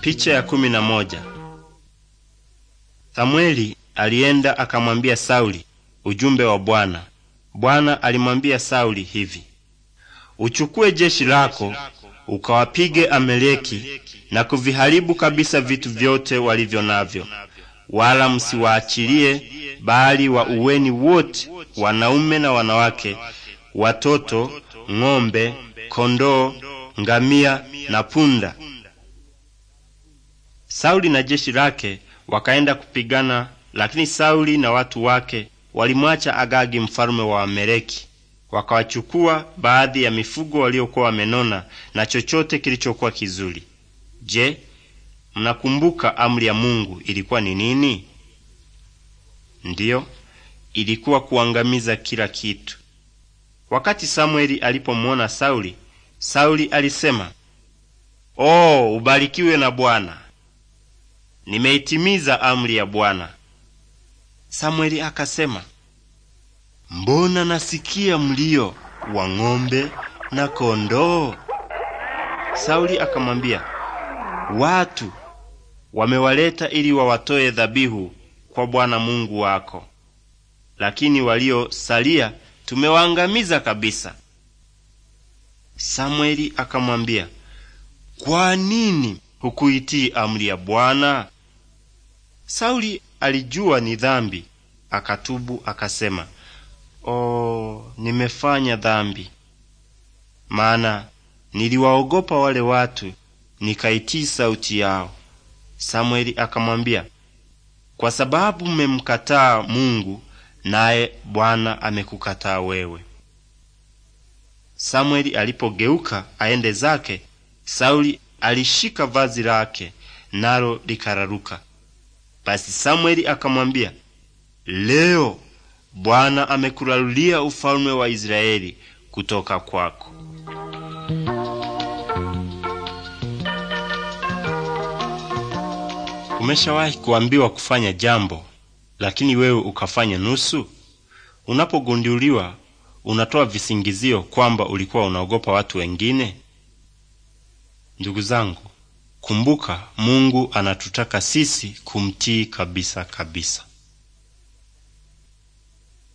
Picha ya kumi na moja. Samweli alienda akamwambia Sauli ujumbe wa Bwana. Bwana alimwambia Sauli hivi: uchukue jeshi lako ukawapige Ameleki na kuviharibu kabisa vitu vyote walivyo navyo, wala msiwaachilie, bali uweni wote, wanaume na wanawake, watoto, ng'ombe, kondoo, ngamia na punda Sauli na jeshi lake wakaenda kupigana, lakini Sauli na watu wake walimwacha Agagi mfalme wa Wameleki, wakawachukua baadhi ya mifugo waliokuwa wamenona na chochote kilichokuwa kizuri. Je, mnakumbuka amri ya Mungu ilikuwa ni nini? Ndiyo, ilikuwa kuangamiza kila kitu. Wakati Samueli alipomwona Sauli, Sauli alisema, "Oh, ubarikiwe na Bwana." nimeitimiza amri ya Bwana. Samueli akasema, mbona nasikia mlio wa ng'ombe na kondoo? Sauli akamwambia, watu wamewaleta ili wawatoe dhabihu kwa Bwana Mungu wako, lakini waliosalia tumewaangamiza kabisa. samueli akamwambia, kwa nini hukuitii amri ya Bwana? Sauli alijua ni dhambi, akatubu akasema, o, nimefanya dhambi, maana niliwaogopa wale watu, nikaitii sauti yao. Samueli akamwambia, kwa sababu mmemkataa Mungu, naye Bwana amekukataa wewe. Samueli alipogeuka aende zake, Sauli alishika vazi lake nalo likararuka. Basi Samweli akamwambia, leo Bwana amekulalulia ufalme wa Israeli kutoka kwako. Umeshawahi kuambiwa kufanya jambo lakini wewe ukafanya nusu? Unapogunduliwa unatoa visingizio kwamba ulikuwa unaogopa watu wengine. Ndugu zangu, kumbuka Mungu anatutaka sisi kumtii kabisa kabisa.